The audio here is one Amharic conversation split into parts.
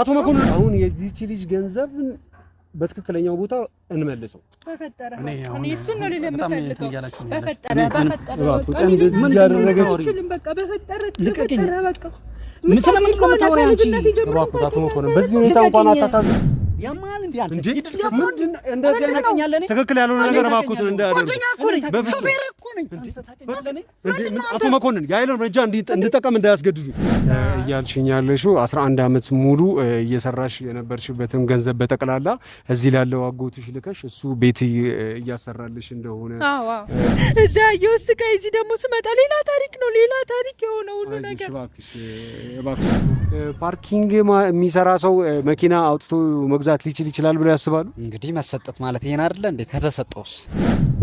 አቶ መኮንን አሁን የዚህች ልጅ ገንዘብ በትክክለኛው ቦታ እንመልሰው። በፈጠረ እኔ እሱን ነው ልል የምፈልገው። በፈጠረ በፈጠረ በቃ በፈጠረ በቃ ያማል እንዴ አንተ ትክክል ያልሆነ ነገር እባክዎትን እንዳያደርጉ። ሾፌር እኮ ነኝ አቶ መኮንን፣ የኃይልን እርምጃ እንድጠቀም እንዳያስገድዱ እያልሽኝ ያለሽው አስራ አንድ ዓመት ሙሉ እየሰራሽ የነበርሽበትም ገንዘብ በጠቅላላ እዚህ ላለው አጎትሽ ልከሽ እሱ ቤት እያሰራልሽ እንደሆነ እዚህ ደግሞ ስመጣ ሌላ ታሪክ ነው ሌላ ታሪክ የሆነ ሁሉ ነገር ፓርኪንግ የሚሰራ ሰው መኪና አውጥቶ መግዛት መግዛት ሊችል ይችላል ብለው ያስባሉ? እንግዲህ መሰጠት ማለት ይሄን አይደለ እንዴ? ከተሰጠውስ?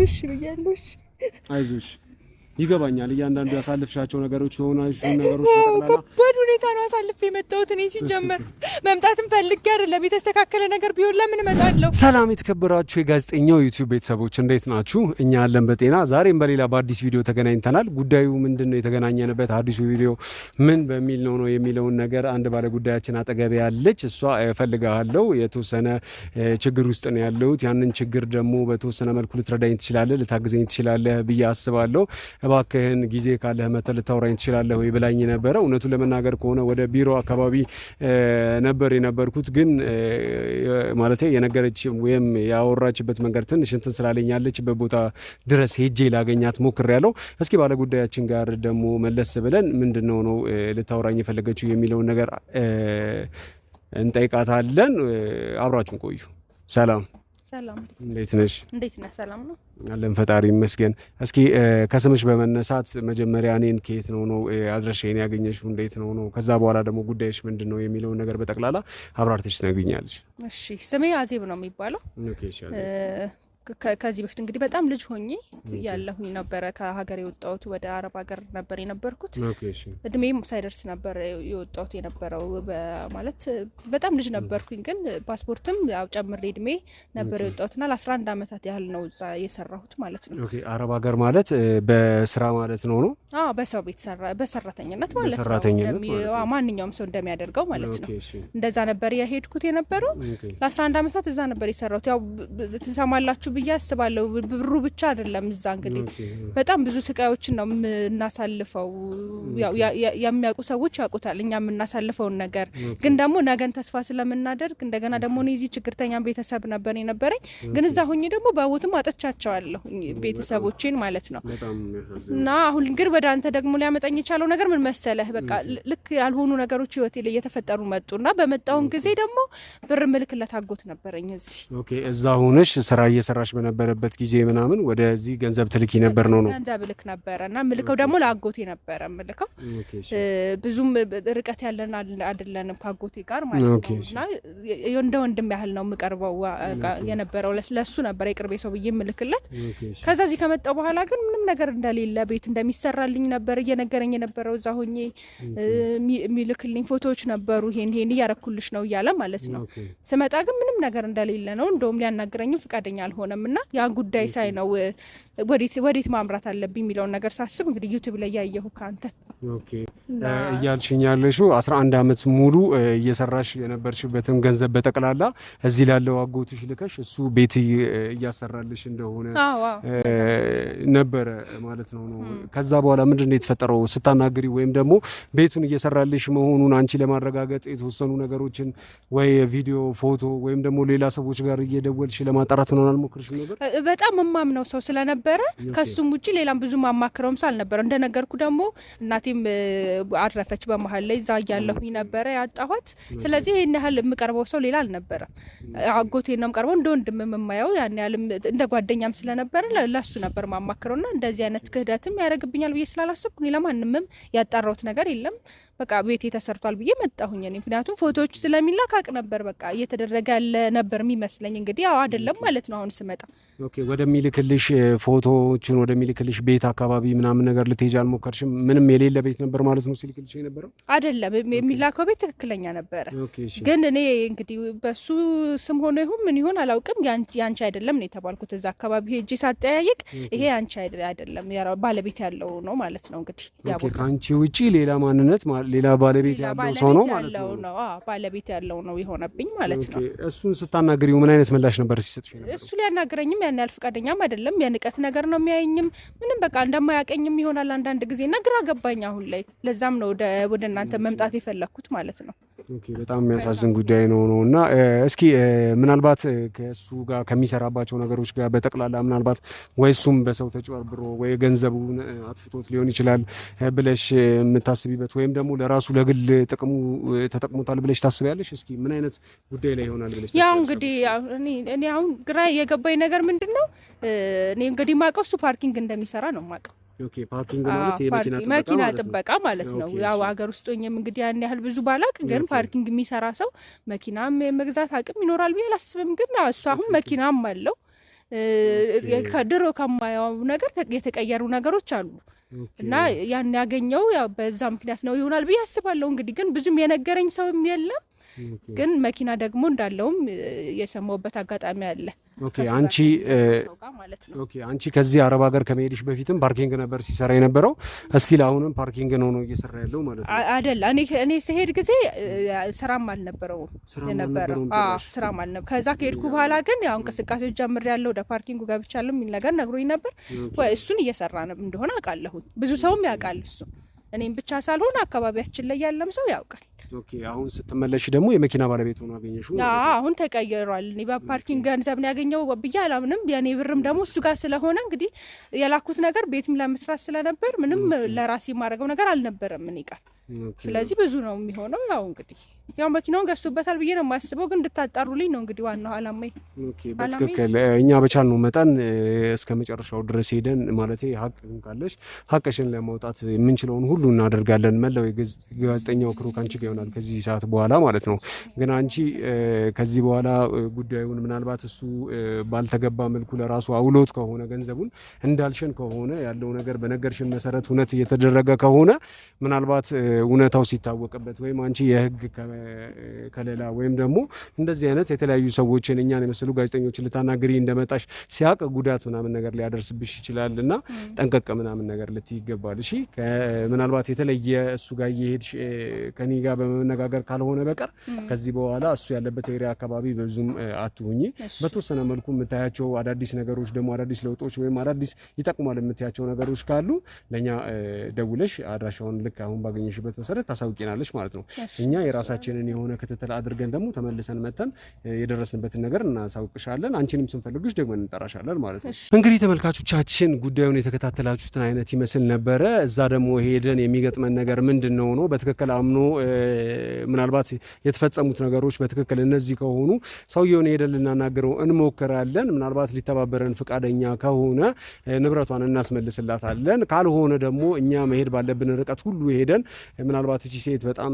እሺ ብያለሽ። አይዞሽ ይገባኛል። እያንዳንዱ ያሳልፍሻቸው ነገሮች የሆነ ነገሮች ከባድ ሁኔታ ነው አሳልፍ የመጣሁት እኔ ሲጀመር መምጣትም ፈልጌ አይደለም። የተስተካከለ ነገር ቢሆን ለምን እመጣለሁ? ሰላም የተከበራችሁ የጋዜጠኛው ዩቲዩብ ቤተሰቦች እንዴት ናችሁ? እኛ ያለን በጤና ዛሬም በሌላ በአዲስ ቪዲዮ ተገናኝተናል። ጉዳዩ ምንድን ነው የተገናኘንበት አዲሱ ቪዲዮ ምን በሚል ነው ነው የሚለውን ነገር አንድ ባለ ጉዳያችን አጠገብ ያለች እሷ እፈልግሃለሁ፣ የተወሰነ ችግር ውስጥ ነው ያለሁት፣ ያንን ችግር ደግሞ በተወሰነ መልኩ ልትረዳኝ ትችላለህ፣ ልታግዘኝ ትችላለህ ብዬ አስባለሁ እባክህን ጊዜ ካለህ መተህ ልታውራኝ ትችላለህ ወይ ብላኝ ነበረ። እውነቱን ለመናገር ከሆነ ወደ ቢሮ አካባቢ ነበር የነበርኩት። ግን ማለት የነገረች ወይም ያወራችበት መንገድ ትንሽ እንትን ስላለኝ ያለችበት ቦታ ድረስ ሄጄ ላገኛት ያለው እስኪ ባለጉዳያችን ጋር ደግሞ መለስ ብለን ምንድን ነው ነው ልታውራኝ የፈለገችው የሚለውን ነገር እንጠይቃታለን። አብራችሁን ቆዩ። ሰላም ሰላም እንዴት ነሽ? እንዴት ነህ? ሰላም ነው አለን፣ ፈጣሪ ይመስገን። እስኪ ከስምሽ በመነሳት መጀመሪያ እኔን ከየት ነው ነው አድራሻዬን ያገኘሽው? እንዴት ነው ነው? ከዛ በኋላ ደግሞ ጉዳይሽ ምንድን ነው የሚለውን ነገር በጠቅላላ አብራርተሽ ትነግሪኛለሽ። እሺ፣ ስሜ አዜብ ነው የሚባለው። ኦኬ፣ እሺ ከዚህ በፊት እንግዲህ በጣም ልጅ ሆኜ ያለሁኝ ነበረ ከሀገር የወጣሁት ወደ አረብ ሀገር ነበር የነበርኩት። እድሜም ሳይደርስ ነበር የወጣሁት የነበረው ማለት በጣም ልጅ ነበርኩኝ። ግን ፓስፖርትም ያው ጨምሬ እድሜ ነበር የወጣሁትና ለአስራ አንድ አመታት ያህል ነው እዛ የሰራሁት ማለት ነው። አረብ ሀገር ማለት በስራ ማለት ነው ነው በሰው ቤት በሰራተኝነት ማለት ነው። ማንኛውም ሰው እንደሚያደርገው ማለት ነው። እንደዛ ነበር የሄድኩት የነበረው ለአስራ አንድ አመታት እዛ ነበር የሰራሁት ያው ትሰማላችሁ ብዬ አስባለሁ። ብሩ ብቻ አይደለም እዛ እንግዲህ በጣም ብዙ ስቃዮችን ነው የምናሳልፈው። የሚያውቁ ሰዎች ያውቁታል እኛ የምናሳልፈውን ነገር። ግን ደግሞ ነገን ተስፋ ስለምናደርግ እንደገና ደግሞ እኔ እዚህ ችግርተኛ ቤተሰብ ነበር የነበረኝ፣ ግን እዛ ሁኜ ደግሞ በቦትም አጥቻቸዋለሁ ቤተሰቦቼን ማለት ነው። እና አሁን ግን ወደ አንተ ደግሞ ሊያመጣኝ የቻለው ነገር ምን መሰለህ? በቃ ልክ ያልሆኑ ነገሮች ህይወቴ ላይ እየተፈጠሩ መጡ እና በመጣውን ጊዜ ደግሞ ብር ምልክለት አጎት ነበረኝ እዚህ እዛ ሆነሽ ስራ እየሰራ እየሰራሽ በነበረበት ጊዜ ምናምን ወደዚህ ገንዘብ ትልኪ ነበር ነው ነው ገንዘብ ልክ ነበረ እና ምልከው ደግሞ ለአጎቴ ነበረ ምልከው። ብዙም ርቀት ያለን አይደለንም ከአጎቴ ጋር ማለት ነው እና እንደ ወንድም ያህል ነው የምቀርበው የነበረው ለሱ ነበረ የቅርቤ ሰው ብዬ ምልክለት። ከዛ እዚህ ከመጣው በኋላ ግን ምንም ነገር እንደሌለ ቤት እንደሚሰራልኝ ነበር እየነገረኝ የነበረው እዛ ሆኜ የሚልክልኝ ፎቶዎች ነበሩ ይሄን ይሄን እያረኩልሽ ነው እያለ ማለት ነው። ስመጣ ግን ምንም ነገር እንደሌለ ነው። እንደውም ሊያናግረኝም ፈቃደኛ አልሆነ አልሆነም እና ያ ጉዳይ ሳይ ነው ወዴት ማምራት አለብኝ የሚለውን ነገር ሳስብ እንግዲህ ዩቲዩብ ላይ ያየሁ ከአንተ እያልሽኝ ያለሽው አስራ አንድ አመት ሙሉ እየሰራሽ የነበርሽበትም ገንዘብ በጠቅላላ እዚህ ላለው አጎትሽ ልከሽ እሱ ቤት እያሰራልሽ እንደሆነ ነበረ ማለት ነው ነው ከዛ በኋላ ምንድን ነው የተፈጠረው ስታናግሪ ወይም ደግሞ ቤቱን እየሰራልሽ መሆኑን አንቺ ለማረጋገጥ የተወሰኑ ነገሮችን ወይ ቪዲዮ ፎቶ ወይም ደግሞ ሌላ ሰዎች ጋር እየደወልሽ ለማጣራት ምናምን አልሞክርሽም ነበር በጣም እማምነው ሰው ስለነበር ነበረ። ከሱም ውጭ ሌላም ብዙ ማማክረውም ሰው አልነበረ። እንደነገርኩ ደግሞ እናቴም አረፈች በመሀል ላይ እዛ እያለሁኝ ነበረ ያጣኋት። ስለዚህ ይህን ያህል የምቀርበው ሰው ሌላ አልነበረ። አጎቴ ነው የምቀርበው እንደ ወንድም የምማየው ያን ያህል እንደ ጓደኛም ስለነበረ ለሱ ነበር ማማክረውና እንደዚህ አይነት ክህደትም ያደርግብኛል ብዬ ስላላሰብኩ ለማንምም ያጣራሁት ነገር የለም። በቃ ቤቴ ተሰርቷል ብዬ መጣሁኝ። እኔ ምክንያቱም ፎቶዎች ስለሚላክ አቅ ነበር በቃ እየተደረገ ያለ ነበር የሚመስለኝ። እንግዲህ ያው አይደለም ማለት ነው። አሁን ስመጣ ኦኬ፣ ወደሚልክልሽ ፎቶዎችን ወደሚልክልሽ ቤት አካባቢ ምናምን ነገር ልትሄጅ አልሞከርሽም? ምንም የሌለ ቤት ነበር ማለት ነው ሲልክልሽ የነበረው? አይደለም የሚላከው ቤት ትክክለኛ ነበረ። ግን እኔ እንግዲህ በሱ ስም ሆኖ ይሁን ምን ይሁን አላውቅም፣ ያንቺ አይደለም ነው የተባልኩት። እዛ አካባቢ ሄጅ ሳጠያየቅ ይሄ አንቺ አይደለም ባለቤት ያለው ነው ማለት ነው። እንግዲህ ከአንቺ ውጪ ሌላ ማንነት ሌላ ባለቤት ያለው ሰው ነው ማለት ነው። ባለቤት ያለው ነው የሆነብኝ ማለት ነው። እሱን ስታናግሪው ምን አይነት ምላሽ ነበር ሲሰጥሽ? እሱ ሊያናግረኝም ያን ያህል ፍቃደኛም አይደለም። የንቀት ነገር ነው የሚያየኝም ምንም በቃ እንደማያቀኝም ይሆናል አንዳንድ ጊዜ ነግራ ግራ ገባኝ አሁን ላይ። ለዛም ነው ወደ እናንተ መምጣት የፈለግኩት ማለት ነው። በጣም የሚያሳዝን ጉዳይ ነው ነው እና እስኪ ምናልባት ከእሱ ጋር ከሚሰራባቸው ነገሮች ጋር በጠቅላላ ምናልባት ወይ እሱም በሰው ተጭበርብሮ ወይ ገንዘቡን አጥፍቶት ሊሆን ይችላል ብለሽ የምታስቢበት ወይም ደግሞ ለራሱ ለግል ጥቅሙ ተጠቅሞታል ብለሽ ታስቢያለሽ? እስኪ ምን አይነት ጉዳይ ላይ ይሆናል ብለሽ? ያው እንግዲህ እኔ አሁን ግራ የገባኝ ነገር ምንድን ነው እኔ እንግዲህ ማቀው እሱ ፓርኪንግ እንደሚሰራ ነው ማቀው መኪና ጥበቃ ማለት ነው። ያው ሀገር ውስጥ ወኝም እንግዲህ ያን ያህል ብዙ ባላቅ፣ ግን ፓርኪንግ የሚሰራ ሰው መኪናም የመግዛት አቅም ይኖራል ብዬ አላስብም። ግን እሱ አሁን መኪናም አለው። ከድሮ ከማየው ነገር የተቀየሩ ነገሮች አሉ እና ያን ያገኘው በዛ ምክንያት ነው ይሆናል ብዬ አስባለሁ። እንግዲህ ግን ብዙም የነገረኝ ሰውም የለም ግን መኪና ደግሞ እንዳለውም የሰማውበት አጋጣሚ አለ። አንቺ አንቺ ከዚህ አረብ ሀገር ከመሄድሽ በፊትም ፓርኪንግ ነበር ሲሰራ የነበረው፣ እስቲል አሁንም ፓርኪንግ ነው ነው እየሰራ ያለው ማለት ነው አደል? እኔ ስሄድ ጊዜ ስራም አልነበረውም የነበረው ስራም ከዛ ከሄድኩ በኋላ ግን ያው እንቅስቃሴዎች ጀምር ያለው ወደ ፓርኪንጉ ገብቻለሁ የሚል ነገር ነግሮኝ ነበር። እሱን እየሰራ እንደሆነ አውቃለሁኝ። ብዙ ሰውም ያውቃል እሱ እኔም ብቻ ሳልሆን አካባቢያችን ላይ ያለም ሰው ያውቃል። ኦኬ አሁን ስትመለሽ ደግሞ የመኪና ባለቤት ሆኖ አገኘሽ? አሁን ተቀይሯል። እኔ በፓርኪንግ ገንዘብ ነው ያገኘው ብዬ አላምንም። የኔ ብርም ደግሞ እሱ ጋር ስለሆነ እንግዲህ የላኩት ነገር ቤትም ለመስራት ስለነበር ምንም ለራሴ የማደርገው ነገር አልነበረም እኔ ጋር ስለዚህ ብዙ ነው የሚሆነው። ያው እንግዲህ ያው መኪናውን ገዝቶበታል ብዬ ነው የማስበው፣ ግን እንድታጣሩልኝ ነው እንግዲህ ዋናው አላማ በትክክል እኛ በቻልነው መጠን እስከ መጨረሻው ድረስ ሄደን ማለት ሀቅ ካለሽ ሀቅሽን ለማውጣት የምንችለውን ሁሉ እናደርጋለን። መላው የጋዜጠኛው ክሩ አንቺ ጋ ይሆናል ከዚህ ሰዓት በኋላ ማለት ነው። ግን አንቺ ከዚህ በኋላ ጉዳዩን ምናልባት እሱ ባልተገባ መልኩ ለራሱ አውሎት ከሆነ ገንዘቡን እንዳልሽን ከሆነ ያለው ነገር በነገርሽን መሰረት እውነት እየተደረገ ከሆነ ምናልባት እውነታው ሲታወቅበት ወይም አንቺ የህግ ከለላ ወይም ደግሞ እንደዚህ አይነት የተለያዩ ሰዎችን እኛን የመሰሉ ጋዜጠኞችን ልታናግሪ እንደመጣሽ ሲያቅ ጉዳት ምናምን ነገር ሊያደርስብሽ ይችላል እና ጠንቀቅ ምናምን ነገር ልት ይገባል። እሺ ምናልባት የተለየ እሱ ጋር እየሄድሽ ከኔ ጋር በመነጋገር ካልሆነ በቀር ከዚህ በኋላ እሱ ያለበት ኤሪያ አካባቢ በብዙም አትሁኝ። በተወሰነ መልኩ የምታያቸው አዳዲስ ነገሮች ደግሞ አዳዲስ ለውጦች ወይም አዳዲስ ይጠቅሟል የምትያቸው ነገሮች ካሉ ለእኛ ደውለሽ አድራሻውን ልክ አሁን ባገኘሽ ባልሽበት መሰረት ታሳውቂናለች ማለት ነው። እኛ የራሳችንን የሆነ ክትትል አድርገን ደግሞ ተመልሰን መተን የደረስንበትን ነገር እናሳውቅሻለን። አንቺንም ስንፈልግሽ ደግሞ እንጠራሻለን ማለት ነው። እንግዲህ ተመልካቾቻችን ጉዳዩን የተከታተላችሁትን አይነት ይመስል ነበረ። እዛ ደግሞ ሄደን የሚገጥመን ነገር ምንድን ነው ነው በትክክል አምኖ ምናልባት የተፈጸሙት ነገሮች በትክክል እነዚህ ከሆኑ ሰውየውን ሄደን ልናናግረው እንሞክራለን። ምናልባት ሊተባበረን ፈቃደኛ ከሆነ ንብረቷን እናስመልስላታለን። ካልሆነ ደግሞ እኛ መሄድ ባለብን ርቀት ሁሉ ሄደን ምናልባት እቺ ሴት በጣም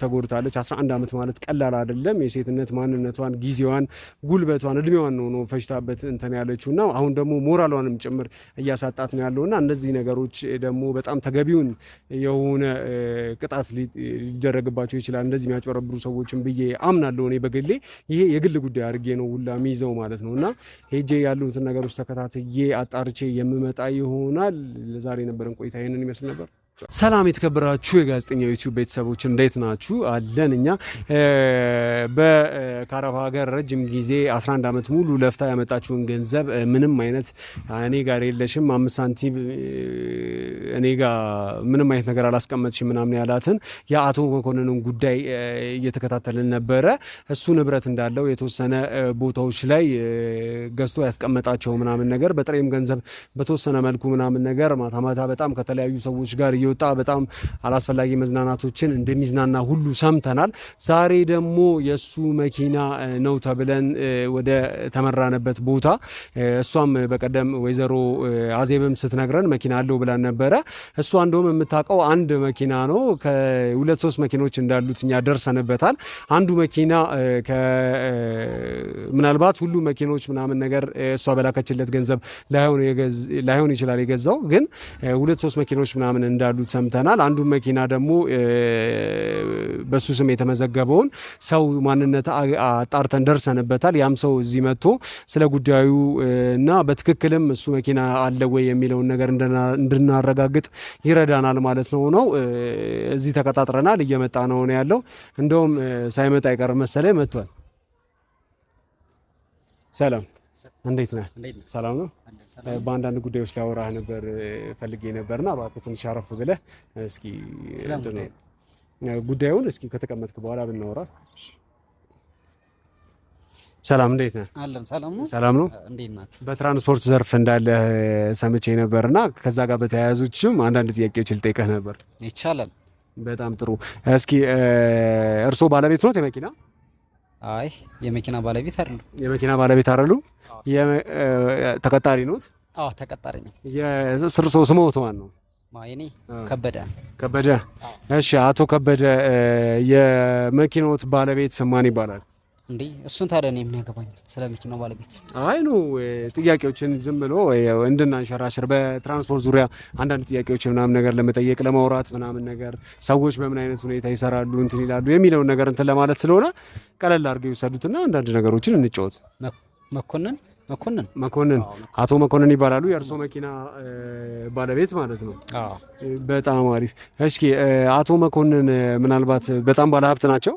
ተጎድታለች። 11 ዓመት ማለት ቀላል አይደለም። የሴትነት ማንነቷን፣ ጊዜዋን፣ ጉልበቷን፣ እድሜዋን ነው ነው ፈጅታበት እንትን ያለችው እና አሁን ደግሞ ሞራሏንም ጭምር እያሳጣት ነው ያለው እና እነዚህ ነገሮች ደግሞ በጣም ተገቢውን የሆነ ቅጣት ሊደረግባቸው ይችላል። እንደዚህ የሚያጭበረብሩ ሰዎችን ብዬ አምናለሁ እኔ በግሌ ይሄ የግል ጉዳይ አድርጌ ነው ሁላ የሚይዘው ማለት ነው እና ሄጄ ያሉትን ነገሮች ተከታትዬ አጣርቼ የምመጣ ይሆናል። ለዛሬ የነበረን ቆይታ ይህንን ይመስል ነበር። ሰላም የተከበራችሁ የጋዜጠኛ ዩቲዩብ ቤተሰቦች እንዴት ናችሁ? አለን እኛ በካረፋ ሀገር ረጅም ጊዜ 11 ዓመት ሙሉ ለፍታ ያመጣችውን ገንዘብ ምንም አይነት እኔ ጋር የለሽም፣ አምስት ሳንቲም እኔ ጋር ምንም አይነት ነገር አላስቀመጥሽ ምናምን ያላትን የአቶ መኮንንን ጉዳይ እየተከታተልን ነበረ። እሱ ንብረት እንዳለው የተወሰነ ቦታዎች ላይ ገዝቶ ያስቀመጣቸው ምናምን ነገር በጥሬም ገንዘብ በተወሰነ መልኩ ምናምን ነገር ማታ ማታ በጣም ከተለያዩ ሰዎች ጋር እየወጣ በጣም አላስፈላጊ መዝናናቶችን እንደሚዝናና ሁሉ ሰምተናል። ዛሬ ደግሞ የእሱ መኪና ነው ተብለን ወደ ተመራነበት ቦታ እሷም በቀደም ወይዘሮ አዜብም ስትነግረን መኪና አለው ብላን ነበረ። እሷ እንደውም የምታውቀው አንድ መኪና ነው ከሁለት ሶስት መኪኖች እንዳሉት እኛ ደርሰንበታል። አንዱ መኪና ምናልባት ሁሉ መኪኖች ምናምን ነገር እሷ በላከችለት ገንዘብ ላይሆን ይችላል የገዛው ግን ሁለት ሶስት መኪኖች ምናምን እንዳሉ እንዳሉት ሰምተናል። አንዱ መኪና ደግሞ በሱ ስም የተመዘገበውን ሰው ማንነት አጣርተን ደርሰንበታል። ያም ሰው እዚህ መጥቶ ስለ ጉዳዩ እና በትክክልም እሱ መኪና አለ ወይ የሚለውን ነገር እንድናረጋግጥ ይረዳናል ማለት ነው ነው እዚህ ተቀጣጥረናል። እየመጣ ነው ነው ያለው። እንደውም ሳይመጣ አይቀርም መሰለኝ መጥቷል። ሰላም እንዴት ነህ? ሰላም ነው። በአንዳንድ ጉዳዮች ላወራህ ነበር ፈልጌ ነበርና እባክህ ትንሽ አረፍ ብለህ እስኪ ጉዳዩን እስኪ ከተቀመጥክ በኋላ ብናወራ። ሰላም እንዴት ነህ? አለን። ሰላም ነው። ሰላም ነው። እንዴት ናችሁ? በትራንስፖርት ዘርፍ እንዳለ ሰምቼ ነበርና ከዛ ጋር በተያያዙችም አንዳንድ ጥያቄዎች ልጠይቀህ ነበር። ይቻላል። በጣም ጥሩ። እስኪ እርስዎ ባለቤት ኖት የመኪና አይ የመኪና ባለቤት አይደሉ። የመኪና ባለቤት አይደሉ። ተቀጣሪ ነዎት? አዎ ተቀጣሪ ነው። የስር ሰው ስሞት ማን ነው? ማይኔ ከበደ ከበደ። እሺ አቶ ከበደ የመኪናዎት ባለቤት ማን ይባላል? እንዴ እሱን ታዲያ እኔ የሚያገባኝ ስለ መኪናው ባለቤት አይ ኖ ጥያቄዎችን ዝም ብሎ እንድናንሸራሽር በትራንስፖርት ዙሪያ አንዳንድ ጥያቄዎች ምናምን ነገር ለመጠየቅ ለማውራት ምናምን ነገር ሰዎች በምን አይነት ሁኔታ ይሰራሉ እንትን ይላሉ የሚለውን ነገር እንትን ለማለት ስለሆነ ቀለል አድርገው ይወሰዱትና አንዳንድ ነገሮችን እንጫወት። መኮንን መኮንን መኮንን አቶ መኮንን ይባላሉ። የእርሶ መኪና ባለቤት ማለት ነው። በጣም አሪፍ። እስኪ አቶ መኮንን ምናልባት በጣም ባለሀብት ናቸው?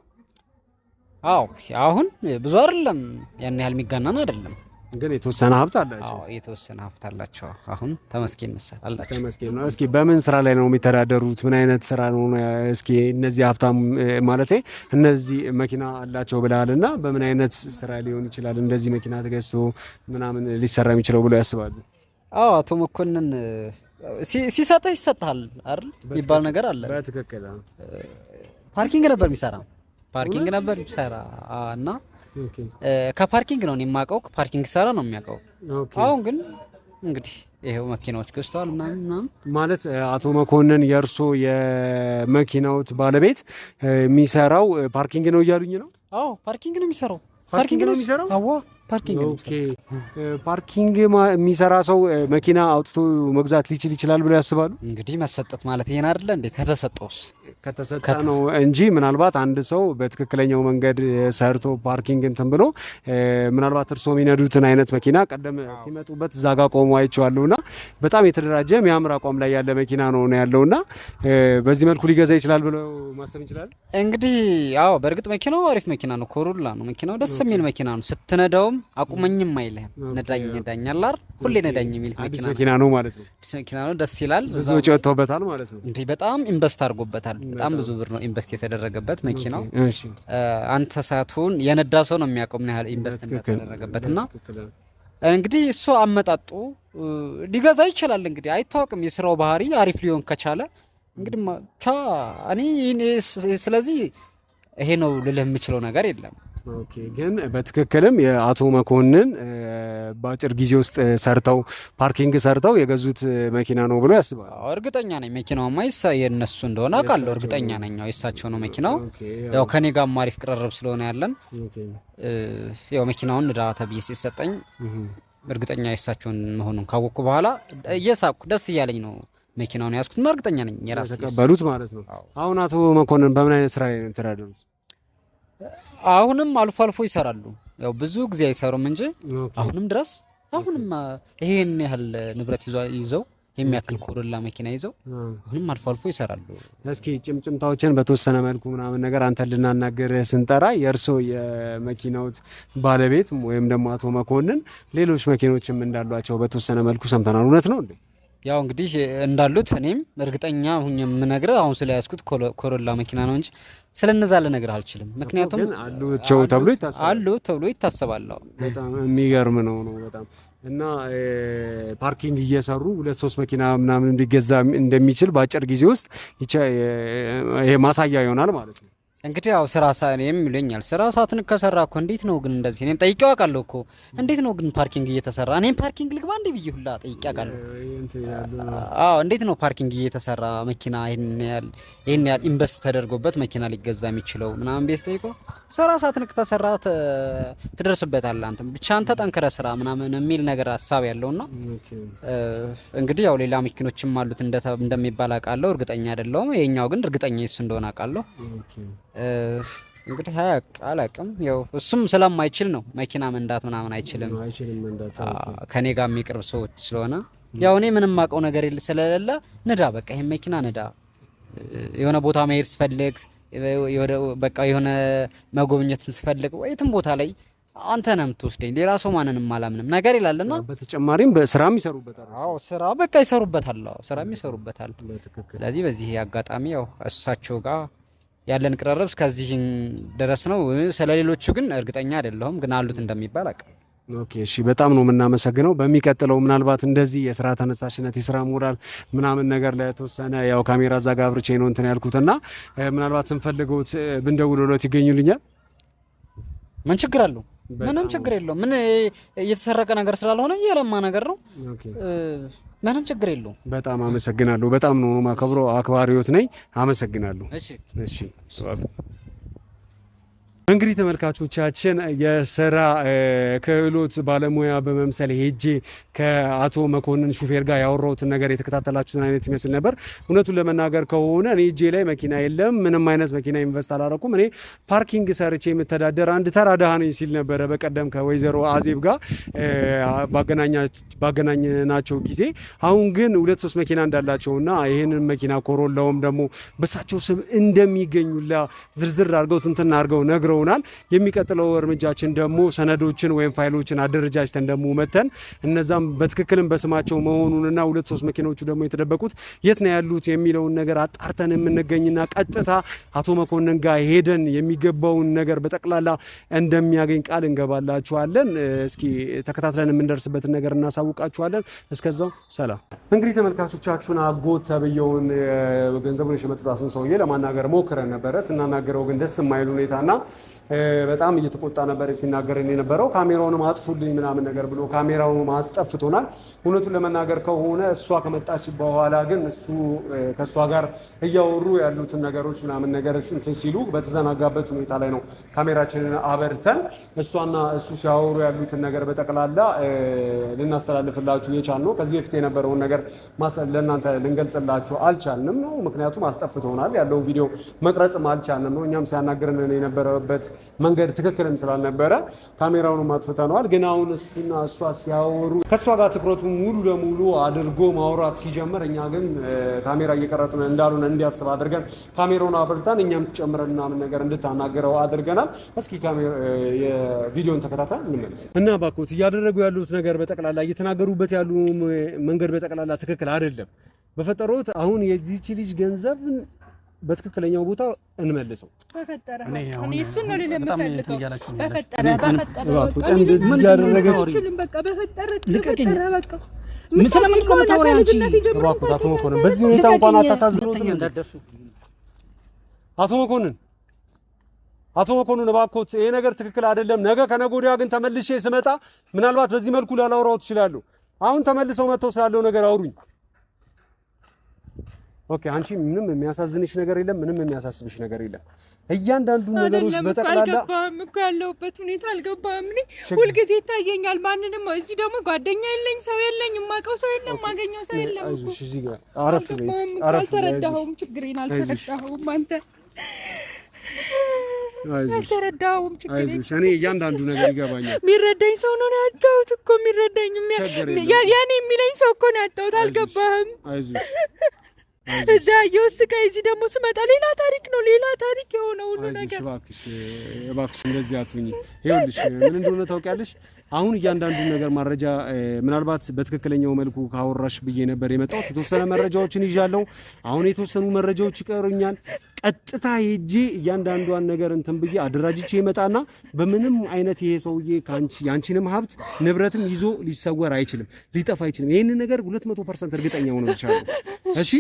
አዎ አሁን ብዙ አይደለም፣ ያን ያህል የሚጋናን አይደለም፣ ግን የተወሰነ ሀብት አላቸው። የተወሰነ ሀብት አላቸው። አሁን ተመስገን መሰል አላቸው። ተመስገን ነው። እስኪ በምን ስራ ላይ ነው የሚተዳደሩት? ምን አይነት ስራ ነው? እስኪ እነዚህ ሀብታም ማለት እነዚህ መኪና አላቸው ብለሃል እና በምን አይነት ስራ ሊሆን ይችላል እንደዚህ መኪና ተገዝቶ ምናምን ሊሰራ የሚችለው ብሎ ያስባሉ? አዎ አቶ መኮንን ሲሰጥህ ይሰጥሃል አይደል የሚባል ነገር አለ። በትክክል ፓርኪንግ ነበር የሚሰራ ፓርኪንግ ነበር ሰራ እና ከፓርኪንግ ነው የማውቀው። ፓርኪንግ ሰራ ነው የሚያውቀው። አሁን ግን እንግዲህ ይሄው መኪናዎች ገዝተዋል ምናምን ምናምን። ማለት አቶ መኮንን የእርሶ የመኪናዎት ባለቤት የሚሰራው ፓርኪንግ ነው እያሉኝ ነው? አዎ ፓርኪንግ ነው የሚሰራው። ፓርኪንግ ነው የሚሰራው። አዎ ፓርኪንግ ኦኬ። ፓርኪንግ የሚሰራ ሰው መኪና አውጥቶ መግዛት ሊችል ይችላል ብሎ ያስባሉ። እንግዲህ መሰጠት ማለት ይሄን አይደለ እንዴ? ከተሰጠውስ ከተሰጠ ነው እንጂ ምናልባት አንድ ሰው በትክክለኛው መንገድ ሰርቶ ፓርኪንግ እንትን ብሎ ምናልባት እርስዎ የሚነዱትን አይነት መኪና ቀደም ሲመጡበት እዛ ጋ ቆሞ አይቼዋለሁና በጣም የተደራጀ የሚያምር አቋም ላይ ያለ መኪና ነው ያለውና በዚህ መልኩ ሊገዛ ይችላል ብሎ ማሰብ እንችላለን። እንግዲህ ያው በእርግጥ መኪናው አሪፍ መኪና ነው፣ ኮሩላ ነው መኪናው። ደስ የሚል መኪና ነው ስትነዳውም አታቆመኝም አቁመኝም አይልህም። ነዳኝ ነዳኝ አላር ሁሌ ነዳኝ የሚል መኪና ነው ማለት ነው። አዲስ መኪና ነው፣ ደስ ይላል። ብዙ ወጪ ወጥቶበታል ማለት ነው። እንዲህ በጣም ኢንቨስት አድርጎበታል። በጣም ብዙ ብር ነው ኢንቨስት የተደረገበት መኪናው። አንተ ሳትሆን የነዳ ሰው ነው የሚያውቀው ምን ያህል ኢንቨስት እንደተደረገበት እና እንግዲህ እሱ አመጣጡ ሊገዛ ይችላል። እንግዲህ አይታወቅም። የስራው ባህሪ አሪፍ ሊሆን ከቻለ እንግዲህ እኔ ስለዚህ ይሄ ነው ልልህ የምችለው ነገር የለም። ኦኬ ግን በትክክልም የአቶ መኮንን በአጭር ጊዜ ውስጥ ሰርተው ፓርኪንግ ሰርተው የገዙት መኪና ነው ብሎ ያስባል። እርግጠኛ ነኝ ማይሳ የእነሱ እንደሆነ አውቃለሁ። እርግጠኛ ነኝ የእሳቸው ነው መኪናው። ያው ከኔ ጋር አሪፍ ቅርርብ ስለሆነ ያለን ያው መኪናውን እዳ ተብዬ ሲሰጠኝ እርግጠኛ የእሳቸውን መሆኑን ካወቅኩ በኋላ እየሳቅኩ ደስ እያለኝ ነው መኪናውን ያዝኩትና እርግጠኛ ነኝ የራስ ተቀበሉት ማለት ነው። አሁን አቶ መኮንን በምን አይነት ስራ ነው አሁንም አልፎ አልፎ ይሰራሉ። ያው ብዙ ጊዜ አይሰሩም እንጂ አሁንም ድረስ አሁንም ይሄን ያህል ንብረት ይዘው የሚያክል ኮሮላ መኪና ይዘው አሁንም አልፎ አልፎ ይሰራሉ። እስኪ ጭምጭምታዎችን በተወሰነ መልኩ ምናምን ነገር አንተ ልናናገር ስንጠራ የእርሶ የመኪናዎት ባለቤት ወይም ደግሞ አቶ መኮንን ሌሎች መኪኖችም እንዳሏቸው በተወሰነ መልኩ ሰምተናል። እውነት ነው እንዴ? ያው እንግዲህ እንዳሉት እኔም እርግጠኛ ሁኜ የምነግርህ አሁን ስለያዝኩት ኮሮላ መኪና ነው እንጂ ስለነዛ ልነግርህ አልችልም። ምክንያቱም አሉቸው ተብሎ አሉ ተብሎ ይታሰባለሁ። በጣም የሚገርም ነው ነው በጣም እና ፓርኪንግ እየሰሩ ሁለት ሶስት መኪና ምናምን እንዲገዛ እንደሚችል በአጭር ጊዜ ውስጥ ይሄ ማሳያ ይሆናል ማለት ነው። እንግዲህ ያው ስራ እኔም ይለኛል ስራ ሰዓትን ከሰራ እኮ እንዴት ነው ግን እንደዚህ? እኔም ጠይቄው አውቃለሁ እኮ እንዴት ነው ግን ፓርኪንግ እየተሰራ እኔም ፓርኪንግ ልግባ እንዴ ብዬ ሁላ ጠይቄ አውቃለሁ። አዎ እንዴት ነው ፓርኪንግ እየተሰራ መኪና ይሄን ያህል ኢንቨስት ተደርጎበት መኪና ሊገዛ የሚችለው ምናምን ቤስ ጠይቆ ስራ ሰዓትን ከተሰራ ትደርስበታለህ አንተም ብቻ አንተ ጠንክረህ ስራ ምናምን የሚል ነገር ሀሳብ ያለውና እንግዲህ ያው ሌላ መኪኖችም አሉት እንደሚባል አውቃለሁ። እርግጠኛ አይደለሁም። ይሄኛው ግን እርግጠኛ እሱ እንደሆነ አውቃለሁ። እንግዲህ አላቅም። ያው እሱም ስለማይችል ነው መኪና መንዳት ምናምን አይችልም። ከኔ ጋር የሚቅርብ ሰዎች ስለሆነ ያው እኔ ምንም አውቀው ነገር ስለሌለ ንዳ፣ በቃ ይሄን መኪና ንዳ፣ የሆነ ቦታ መሄድ ስፈልግ፣ በቃ የሆነ መጎብኘትን ስፈልግ፣ ወይትም ቦታ ላይ አንተ ነህ የምትወስደኝ፣ ሌላ ሰው ማንንም አላምንም ነገር ይላልና፣ በተጨማሪም በስራም ይሰሩበታል። አዎ ስራ በቃ ይሰሩበታል። አዎ ስራም ይሰሩበታል። ስለዚህ በዚህ አጋጣሚ ያው እሳቸው ጋር ያለን ቅርርብ እስከዚህ ድረስ ነው። ስለሌሎቹ ግን እርግጠኛ አይደለሁም፣ ግን አሉት እንደሚባል አቅ ኦኬ፣ እሺ፣ በጣም ነው የምናመሰግነው። በሚቀጥለው ምናልባት እንደዚህ የስራ ተነሳሽነት የስራ ሞራል ምናምን ነገር ለተወሰነ ያው ካሜራ እዛ ጋር አብርቼ ነው እንትን ያልኩትና ምናልባት ስንፈልገውት ብንደውልሎት ይገኙልኛል። ምን ችግር አለው? ምንም ችግር የለውም። ምን የተሰረቀ ነገር ስላልሆነ የለማ ነገር ነው። ምንም ችግር የለውም። በጣም አመሰግናለሁ። በጣም ነው ማከብሮ አክባሪዎት ነኝ። አመሰግናለሁ። እሺ እሺ። እንግዲህ ተመልካቾቻችን የስራ ክህሎት ባለሙያ በመምሰል ሄጄ ከአቶ መኮንን ሹፌር ጋር ያወራሁትን ነገር የተከታተላችሁትን አይነት ይመስል ነበር። እውነቱን ለመናገር ከሆነ እኔ እጄ ላይ መኪና የለም፣ ምንም አይነት መኪና ኢንቨስት አላረኩም። እኔ ፓርኪንግ ሰርቼ የምተዳደር አንድ ተራ ድሃ ነኝ ሲል ነበረ በቀደም ከወይዘሮ አዜብ ጋር ባገናኘናቸው ጊዜ። አሁን ግን ሁለት ሶስት መኪና እንዳላቸውና ይህንን መኪና ኮሮላውም ደግሞ በሳቸው ስም እንደሚገኙላ ዝርዝር አድርገው ትንትና አድርገው ነግረው ይሆናል የሚቀጥለው እርምጃችን ደግሞ ሰነዶችን ወይም ፋይሎችን አደረጃጅተን ደግሞ መተን እነዛም በትክክልም በስማቸው መሆኑንና ሁለት ሶስት መኪናዎቹ ደግሞ የተደበቁት የት ነው ያሉት የሚለውን ነገር አጣርተን የምንገኝና ቀጥታ አቶ መኮንን ጋር ሄደን የሚገባውን ነገር በጠቅላላ እንደሚያገኝ ቃል እንገባላችኋለን። እስኪ ተከታትለን የምንደርስበትን ነገር እናሳውቃችኋለን። እስከዛው ሰላም። እንግዲህ ተመልካቾቻችሁን አጎት ተብየውን ገንዘቡን የሸመጠጣስን ሰውዬ ለማናገር ሞክረን ነበረ። ስናናገረው ግን ደስ የማይል ሁኔታና በጣም እየተቆጣ ነበር ሲናገርን የነበረው። ካሜራውንም አጥፉልኝ ምናምን ነገር ብሎ ካሜራውንም አስጠፍቶናል። እውነቱን ለመናገር ከሆነ እሷ ከመጣች በኋላ ግን እሱ ከእሷ ጋር እያወሩ ያሉትን ነገሮች ምናምን ነገር እንትን ሲሉ በተዘናጋበት ሁኔታ ላይ ነው ካሜራችንን አበርተን እሷና እሱ ሲያወሩ ያሉትን ነገር በጠቅላላ ልናስተላልፍላችሁ የቻልነው። ከዚህ በፊት የነበረውን ነገር ለእናንተ ልንገልጽላችሁ አልቻልንም ነው። ምክንያቱም አስጠፍቶናል። ያለውን ቪዲዮ መቅረጽም አልቻልንም ነው። እኛም ሲያናግርን የነበረበት የሄደበት መንገድ ትክክልም ስላልነበረ ካሜራውን አጥፍተነዋል። ግን አሁን እሱና እሷ ሲያወሩ ከእሷ ጋር ትኩረቱ ሙሉ ለሙሉ አድርጎ ማውራት ሲጀምር እኛ ግን ካሜራ እየቀረጽን እንዳልሆነ እንዲያስብ አድርገን ካሜራውን አብርታን እኛም ትጨምረን ምናምን ነገር እንድታናገረው አድርገናል። እስኪ የቪዲዮን ተከታታይ እንመልስ እና ባኮት እያደረጉ ያሉት ነገር በጠቅላላ እየተናገሩበት ያሉ መንገድ በጠቅላላ ትክክል አይደለም። በፈጠሮት አሁን የዚች ልጅ ገንዘብ በትክክለኛው ቦታ እንመልሰው። በፈጠረ እኔ እሱን ነው ልል በፈጠረ በፈጠረ በቃ በፈጠረ ምን ስለምን አቶ መኮንን በዚህ ሁኔታ እንኳን አታሳዝኑትም። አቶ መኮንን አቶ መኮንን እባክዎት ይሄ ነገር ትክክል አይደለም። ነገ ከነገ ወዲያ ግን ተመልሼ ስመጣ ምናልባት በዚህ መልኩ ላላወራዎት እችላለሁ። አሁን ተመልሰው መጥተው ስላለው ነገር አውሩኝ። ኦኬ አንቺ ምንም የሚያሳዝንሽ ነገር የለም፣ ምንም የሚያሳስብሽ ነገር የለም። እያንዳንዱ ነገሮች በጠቅላላ አልገባም እኮ ያለሁበት ሁኔታ አልገባህም። እኔ ሁልጊዜ ይታየኛል ማንንም እዚህ ደግሞ ጓደኛ የለኝ፣ ሰው የለኝ፣ የማውቀው ሰው የለም፣ የማገኘው ሰው የለም። እሺ እዚህ ጋር አረፍ በይ። አልተረዳኸውም፣ ችግሬን አልተረዳኸውም አንተ አልተረዳኸውም ችግር። እኔ እያንዳንዱ ነገር ይገባኛል። የሚረዳኝ ሰው ነው ያጣሁት እኮ የሚረዳኝ ያኔ የሚለኝ ሰው እኮ ነው ያጣሁት። አልገባህም? አይዞሽ እዛ የውስ ጋ እዚህ ደግሞ ስመጣ ሌላ ታሪክ ነው፣ ሌላ ታሪክ የሆነ ሁሉ ነገር። እባክሽ እባክሽ እንደዚህ አትሁኝ። ይኸውልሽ ምን እንደሆነ ታውቂያለሽ አሁን እያንዳንዱ ነገር ማረጃ ምናልባት በትክክለኛው መልኩ ካወራሽ ብዬ ነበር የመጣሁት። የተወሰነ መረጃዎችን ይዣለሁ። አሁን የተወሰኑ መረጃዎች ይቀሩኛል። ቀጥታ ሄጄ እያንዳንዷን ነገር እንትን ብዬ አደራጅቼ ይመጣና በምንም አይነት ይሄ ሰውዬ የአንቺንም ሀብት ንብረትም ይዞ ሊሰወር አይችልም፣ ሊጠፋ አይችልም። ይህን ነገር ሁለት መቶ ፐርሰንት እርግጠኛ ሆነ ይቻሉ። እሺ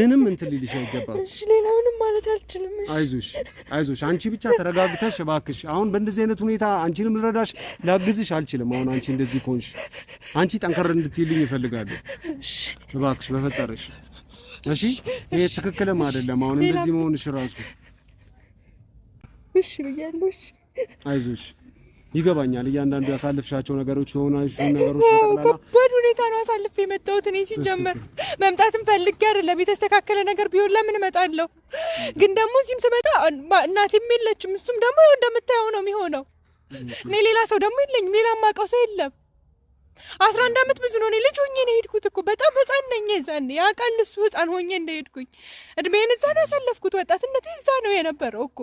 ምንም እንትን ሊልሽ አይገባም። ሌላውንም ማለት አልችልም። አይዞሽ አይዞሽ፣ አንቺ ብቻ ተረጋግተሽ እባክሽ። አሁን በእንደዚህ አይነት ሁኔታ አንቺንም ልረዳሽ ላግዝሽ ልልሽ አልችልም። አሁን አንቺ እንደዚህ ከሆንሽ አንቺ ጠንከር እንድትይልኝ እፈልጋለሁ። እባክሽ በፈጠረሽ። እሺ ይሄ ትክክልም አይደለም። አሁን እንደዚህ መሆንሽ ራሱ እሺ ብያለሁ። አይዞሽ ይገባኛል። እያንዳንዱ ያሳልፍሻቸው ነገሮች የሆነ ነገሮች ከባድ ሁኔታ ነው አሳልፍ የመጣሁት እኔ ሲጀመር መምጣትም ፈልጌ አይደለም። የተስተካከለ ነገር ቢሆን ለምን እመጣለሁ? ግን ደግሞ እዚህም ስመጣ እናቴም የለችም፣ እሱም ደግሞ እንደምታየው ነው የሚሆነው እኔ ሌላ ሰው ደግሞ የለኝም። ሌላ ማቀው ሰው የለም። አስራ አንድ አመት ብዙ ነው። እኔ ልጅ ሆኜ ነው የሄድኩት እኮ በጣም ህፃን ነኝ። ዛን ያውቃል እሱ ህፃን ሆኜ እንደሄድኩኝ እድሜን እዛ ነው ያሳለፍኩት። ወጣትነት እዛ ነው የነበረው እኮ።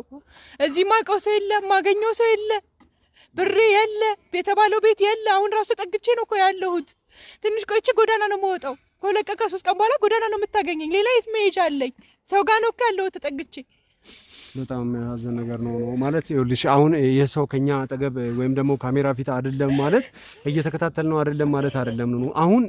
እዚህ ማውቀው ሰው የለ፣ ማገኘው ሰው የለ፣ ብሬ የለ፣ የተባለው ቤት የለ። አሁን ራሱ ጠግቼ ነው እኮ ያለሁት። ትንሽ ቆይቼ ጎዳና ነው የምወጣው። ከሁለት ቀን ከሶስት ቀን በኋላ ጎዳና ነው የምታገኘኝ። ሌላ የት መሄጃ አለኝ? ሰው ጋር ነው እኮ ያለሁት ተጠግቼ በጣም የሚያሳዝን ነገር ነው ነው ማለት ይኸውልሽ፣ አሁን ይህ ሰው ከኛ አጠገብ ወይም ደግሞ ካሜራ ፊት አይደለም ማለት እየተከታተል ነው አይደለም ማለት አይደለም ነው። አሁን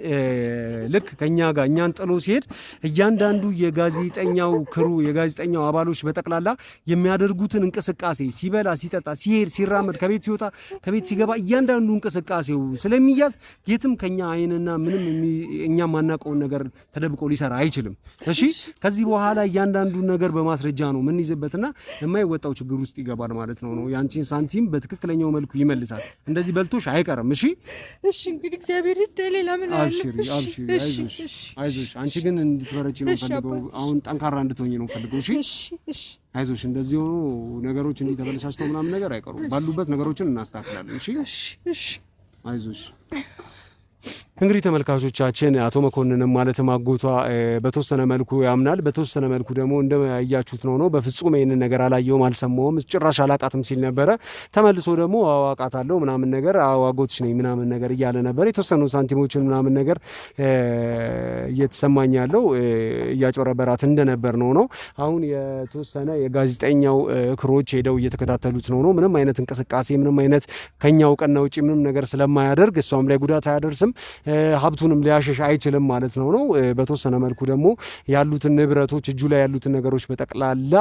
ልክ ከኛ ጋር እኛን ጥሎ ሲሄድ እያንዳንዱ የጋዜጠኛው ክሩ የጋዜጠኛው አባሎች በጠቅላላ የሚያደርጉትን እንቅስቃሴ ሲበላ፣ ሲጠጣ፣ ሲሄድ፣ ሲራመድ፣ ከቤት ሲወጣ፣ ከቤት ሲገባ እያንዳንዱ እንቅስቃሴው ስለሚያዝ የትም ከኛ አይንና ምንም እኛ ማናውቀውን ነገር ተደብቆ ሊሰራ አይችልም። እሺ ከዚህ በኋላ እያንዳንዱ ነገር በማስረጃ ነው ምንይዝበትና የማይወጣው ችግር ውስጥ ይገባል ማለት ነው ነው ያንቺን ሳንቲም በትክክለኛው መልኩ ይመልሳል። እንደዚህ በልቶሽ አይቀርም። እሺ፣ እሺ። እንግዲህ እግዚአብሔር ይርዳህ። ሌላ ምን አለ? እሺ፣ እሺ፣ አይዞሽ፣ አይዞሽ። አንቺ ግን እንድትበረቺ ነው ፈልገው። አሁን ጠንካራ እንድትሆኚ ነው ፈልገው። እሺ፣ እሺ። አይዞሽ። እንደዚህ ሆኖ ነገሮች እንዲህ ተበለሻሽተው ምናምን ነገር አይቀሩም። ባሉበት ነገሮችን እናስተካክላለን። እሺ፣ እሺ። አይዞሽ። እንግዲህ ተመልካቾቻችን አቶ መኮንንም ማለትም ማጎቷ በተወሰነ መልኩ ያምናል፣ በተወሰነ መልኩ ደግሞ እንደያያችሁት ነው ነው በፍጹም ይህንን ነገር አላየውም፣ አልሰማውም፣ ጭራሽ አላቃትም ሲል ነበረ። ተመልሶ ደግሞ አዋቃት አለው ምናምን ነገር አዋጎትሽ ነኝ ምናምን ነገር እያለ ነበር። የተወሰኑ ሳንቲሞችን ምናምን ነገር እየተሰማኝ ያለው እያጭበረበራት እንደነበር ነው ነው። አሁን የተወሰነ የጋዜጠኛው ክሮች ሄደው እየተከታተሉት ነው ነው። ምንም አይነት እንቅስቃሴ ምንም አይነት ከኛ እውቅና ውጭ ምንም ነገር ስለማያደርግ እሷም ላይ ጉዳት አያደርስም ሀብቱንም ሊያሸሽ አይችልም ማለት ነው ነው በተወሰነ መልኩ ደግሞ ያሉትን ንብረቶች እጁ ላይ ያሉትን ነገሮች በጠቅላላ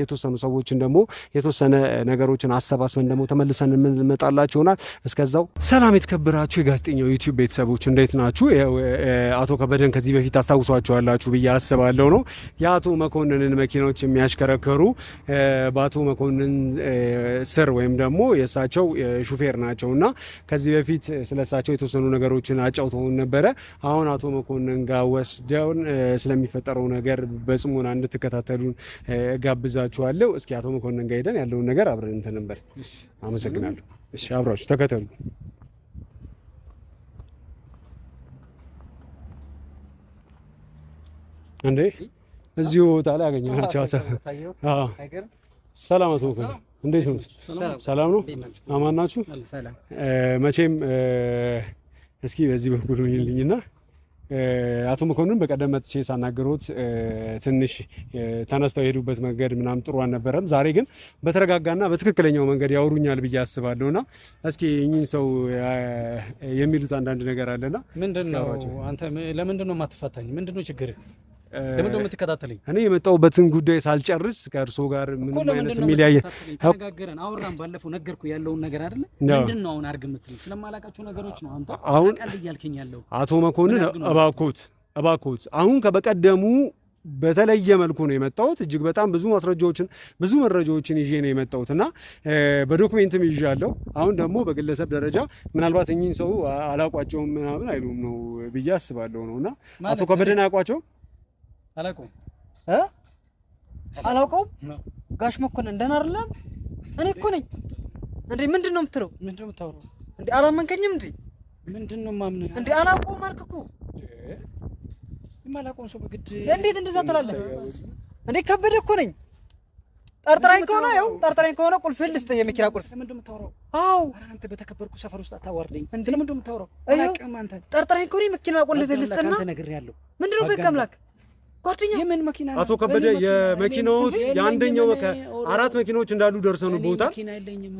የተወሰኑ ሰዎችን ደግሞ የተወሰነ ነገሮችን አሰባስበን ደግሞ ተመልሰን የምንመጣላቸው ይሆናል። እስከዛው ሰላም የተከበራችሁ የጋዜጠኛው ዩቲዩብ ቤተሰቦች እንዴት ናችሁ? አቶ ከበደን ከዚህ በፊት አስታውሷችኋላችሁ ብዬ አስባለሁ ነው የአቶ መኮንንን መኪናዎች የሚያሽከረከሩ በአቶ መኮንን ስር ወይም ደግሞ የእሳቸው ሹፌር ናቸው እና ከዚህ በፊት ስለሳቸው የተወሰኑ ነገሮችን አጫውተውን ነበረ። አሁን አቶ መኮንን ጋር ወስደውን ስለሚፈጠረው ነገር በጽሞና እንድትከታተሉን ጋብዛችኋለሁ። እስኪ አቶ መኮንን ጋር ሄደን ያለውን ነገር አብረን እንትን ነበር። አመሰግናለሁ። እሺ አብራችሁ ተከተሉ። እንዴ እዚሁ ቦታ ላይ አገኘኋቸው። አዎ ሰላም አቶ መኮንን እንዴት ነው? ሰላም ነው። አማን ናችሁ? መቼም እስኪ በዚህ በኩል ይልኝና አቶ መኮንን በቀደም መጥቼ ሳናገሮት ትንሽ ተነስተው የሄዱበት መንገድ ምናምን ጥሩ አልነበረም። ዛሬ ግን በተረጋጋና በትክክለኛው መንገድ ያወሩኛል ብዬ አስባለሁና እስኪ እኚህን ሰው የሚሉት አንዳንድ ነገር አለና ምንድን ነው አንተ ለምንድን ነው የማትፋታኝ? ምንድን ነው ችግር? ለምን ነው የምትከታተለኝ? እኔ የመጣሁበትን ጉዳይ ሳልጨርስ ከእርሶ ጋር ምንም አይነት የሚለያየ ተነጋገረን፣ አውራን፣ ባለፈው ነገርኩ ያለውን ነገር አይደለ? ምንድን ነው አሁን አድርግ የምትለኝ? ስለማላውቃቸው ነገሮች ነው አንተ አሁን ቀል እያልከኝ ያለው። አቶ መኮንን እባክዎት፣ እባክዎት አሁን ከበቀደሙ በተለየ መልኩ ነው የመጣሁት። እጅግ በጣም ብዙ ማስረጃዎችን ብዙ መረጃዎችን ይዤ ነው የመጣሁት እና በዶክሜንትም አለው። አሁን ደግሞ በግለሰብ ደረጃ ምናልባት እኚህን ሰው አላውቋቸውም ምናምን አይሉም ነው ብዬ አስባለሁ ነው እና አቶ ከበደን አያውቋቸው አላውቀውም አላውቀውም ጋሽ መኮንን ደህና አይደለም። እኔ እኮ ነኝ እንዴ! ምንድን ነው የምትለው? ምንድን ነው የምታወራው እንዴ? አላመንከኝም እንዴ? ምንድን ነው የማምነው እንዴ? አላውቀውም አልክ እኮ የማላውቀውን ሰው በግድ እንዴት እንደዛ ትላለህ እንዴ? ከበደ እኮ ነኝ። ጠርጥራኝ ከሆነ ያው ጠርጥራኝ ከሆነ ቁልፍህን ልስጥህ፣ የመኪና ቁልፍ። ስለምንድን ነው አዎ፣ አንተ በተከበርኩ ሰፈር ውስጥ አታዋርደኝ። ስለምንድን ነው የምታወራው? ጠርጥራኝ ከሆነ የመኪና ቁልፍህን ልስጥህና ምንድን ነው በቃ አምላክ ጓደኛ የምን መኪና? አቶ ከበደ የመኪናዎች የአንደኛው አራት መኪናዎች እንዳሉ ደርሰኑ ቦታ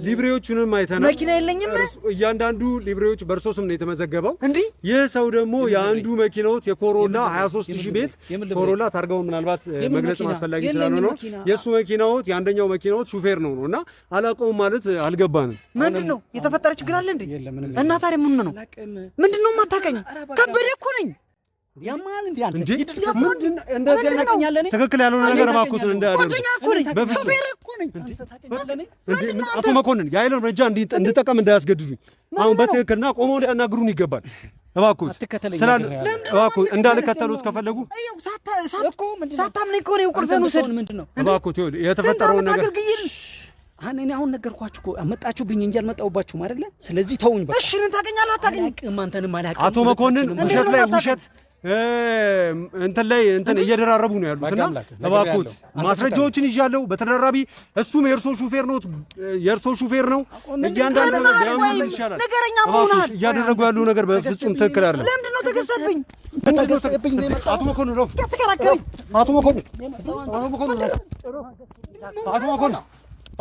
ሊብሬዎቹንም አይተናል። መኪና የለኝም። እያንዳንዱ ሊብሬዎች በእርሶ ስም ነው የተመዘገበው። እንዲህ ይህ ሰው ደግሞ የአንዱ መኪናዎት የኮሮላ 23 ሺህ ቤት ኮሮላ ታርገው ምናልባት መግለጽ አስፈላጊ ስላልሆነ ነው የእሱ መኪናዎት የአንደኛው መኪናዎት ሹፌር ነው ነው እና አላውቀውም ማለት አልገባንም። ምንድን ነው የተፈጠረ ችግር አለ እንዴ? እና ታዲያ ምን ነው ምንድን ነው የማታውቀኝ? ከበደ እኮ ነኝ ያማል እንዴ? አንተ እንደዚህ ትክክል ያልሆነ ነገር እባክዎትን ሾፌር እኮ ነኝ። አቶ መኮንን የኃይል እርምጃ እንድጠቀም እንዳያስገድዱኝ። አሁን በትክክልና ቆመው ሊያናግሩን ይገባል። እባክዎት እባክዎት እንዳልከተሉት ከፈለጉ እኮ ነው የተፈጠረውን ነገር እኔ አሁን ነገርኳችሁ እኮ መጣችሁብኝ እንጂ አልመጣሁባችሁም አይደለ? ስለዚህ ተውኝ እሺ ታገኛለህ አታገኝም? አንተንም አላውቅም። አቶ መኮንን ውሸት ላይ ውሸት እንትን ላይ እንትን እየደራረቡ ነው ያሉት እና እባክዎት ማስረጃዎችን ይዣለሁ በተደራራቢ እሱም የእርሶ ሹፌር ነው የእርሶ ሹፌር ነው እያንዳንዱ ነገር ይሻላል እያደረጉ ያለው ነገር በፍጹም ትክክል አይደለም ለምንድን ነው ተገሰብኝ አቶ መኮንን ረፍ አቶ መኮንን አቶ መኮንን አቶ መኮንን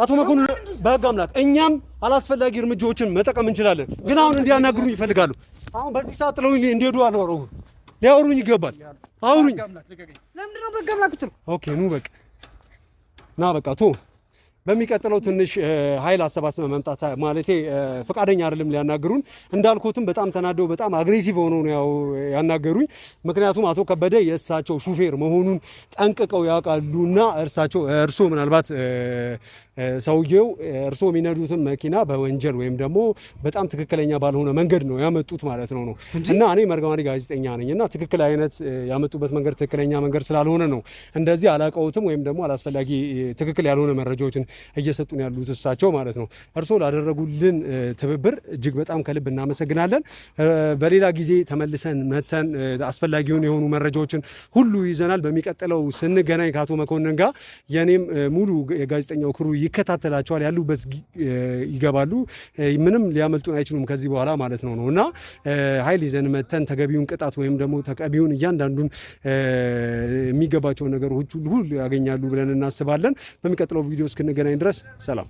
አቶ መኮንን በህግ አምላክ እኛም አላስፈላጊ እርምጃዎችን መጠቀም እንችላለን ግን አሁን እንዲያናግሩኝ ይፈልጋሉ አሁን በዚህ ሰዓት ጥለውኝ እንዲሄዱ አልወረውም ሊያወሩኝ ይገባል። አውሩኝ። ለምንድን ነው በቃ ኦኬ፣ ኑ በቃ ና በቃ ቶ በሚቀጥለው ትንሽ ኃይል አሰባስበ መምጣት ማለቴ ፈቃደኛ አይደለም ሊያናግሩን። እንዳልኩትም በጣም ተናደው በጣም አግሬሲቭ ሆኖ ነው ያው ያናገሩኝ። ምክንያቱም አቶ ከበደ የእሳቸው ሹፌር መሆኑን ጠንቅቀው ያውቃሉና እርሳቸው እርሶ ምናልባት ሰውየው እርሶ የሚነዱትን መኪና በወንጀል ወይም ደግሞ በጣም ትክክለኛ ባልሆነ መንገድ ነው ያመጡት ማለት ነው ነው እና እኔ መርገማሪ ጋዜጠኛ ነኝ እና ትክክል አይነት ያመጡበት መንገድ ትክክለኛ መንገድ ስላልሆነ ነው እንደዚህ አላውቀውትም ወይም ደግሞ አላስፈላጊ ትክክል ያልሆነ መረጃዎችን እየሰጡን ያሉት እሳቸው ማለት ነው። እርስዎ ላደረጉልን ትብብር እጅግ በጣም ከልብ እናመሰግናለን። በሌላ ጊዜ ተመልሰን መተን አስፈላጊውን የሆኑ መረጃዎችን ሁሉ ይዘናል። በሚቀጥለው ስንገናኝ ከአቶ መኮንን ጋር የኔም ሙሉ የጋዜጠኛው ክሩ ይከታተላቸዋል፣ ያሉበት ይገባሉ። ምንም ሊያመልጡን አይችሉም ከዚህ በኋላ ማለት ነው ነው እና ኃይል ይዘን መተን ተገቢውን ቅጣት ወይም ደግሞ ተቀቢውን እያንዳንዱን የሚገባቸውን ነገሮች ሁሉ ያገኛሉ ብለን እናስባለን። በሚቀጥለው ቪዲዮ እስክንገ እስከምንገናኝ ድረስ ሰላም።